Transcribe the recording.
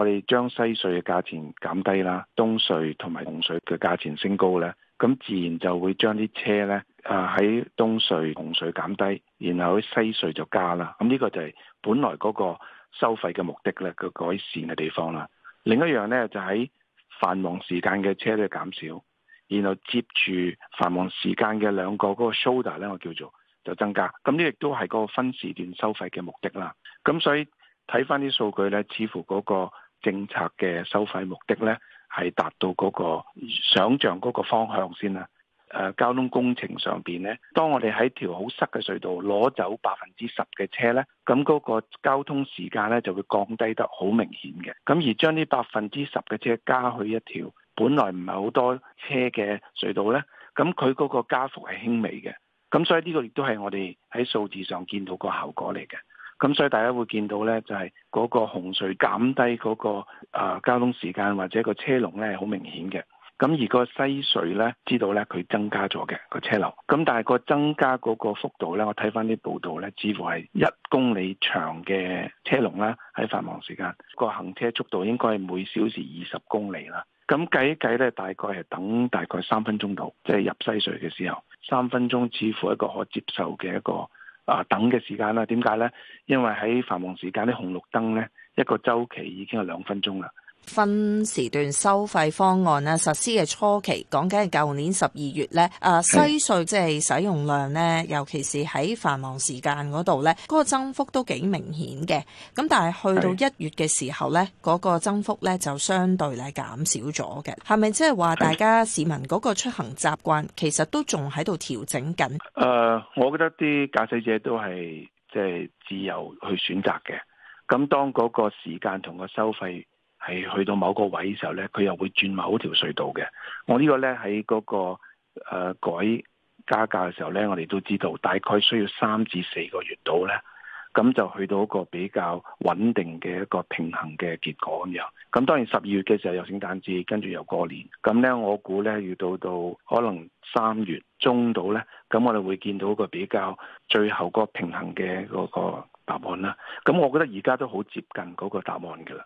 我哋將西隧嘅價錢減低啦，東隧同埋紅隧嘅價錢升高呢，咁自然就會將啲車呢啊喺東隧、紅隧減低，然後喺西隧就加啦。咁呢個就係本來嗰個收費嘅目的咧，個改善嘅地方啦。另一樣呢，就喺繁忙時間嘅車咧減少，然後接住繁忙時間嘅兩個嗰、那個 shoulder 我叫做就增加。咁呢亦都係嗰個分時段收費嘅目的啦。咁所以睇翻啲數據呢，似乎嗰、那個。政策嘅收費目的呢，係達到嗰個想像嗰個方向先啦。誒、啊，交通工程上邊呢，當我哋喺條好塞嘅隧道攞走百分之十嘅車呢，咁嗰個交通時間呢就會降低得好明顯嘅。咁而將呢百分之十嘅車加去一條本來唔係好多車嘅隧道呢，咁佢嗰個加幅係輕微嘅。咁所以呢個亦都係我哋喺數字上見到個效果嚟嘅。咁所以大家會見到呢，就係嗰個紅隧減低嗰個交通時間或者個車龍呢，好明顯嘅。咁而個西隧呢，知道呢，佢增加咗嘅個車流。咁但係個增加嗰個幅度呢，我睇翻啲報道呢，似乎係一公里長嘅車龍啦，喺繁忙時間個行車速度應該係每小時二十公里啦。咁計一計呢，大概係等大概三分鐘到，即係入西隧嘅時候，三分鐘似乎一個可接受嘅一個。啊，等嘅時間啦，點解咧？因為喺繁忙時間，啲紅綠燈咧，一個週期已經係兩分鐘啦。分時段收費方案咧實施嘅初期，講緊係舊年十二月咧，啊西隧即係使用量咧，尤其是喺繁忙時間嗰度咧，嗰個增幅都幾明顯嘅。咁但係去到一月嘅時候咧，嗰個增幅咧就相對咧減少咗嘅。係咪即係話大家市民嗰個出行習慣其實都仲喺度調整緊？誒、呃，我覺得啲駕駛者都係即係自由去選擇嘅。咁當嗰個時間同個收費。係去到某個位嘅時候呢，佢又會轉某條隧道嘅。我呢個呢，喺嗰、那個誒、呃、改加價嘅時候呢，我哋都知道大概需要三至四個月到呢，咁就去到一個比較穩定嘅一個平衡嘅結果咁樣。咁當然十二月嘅時候有聖誕節，跟住又過年。咁呢，我估呢，要到到可能三月中到呢，咁我哋會見到一個比較最後一個平衡嘅嗰個答案啦。咁我覺得而家都好接近嗰個答案噶啦。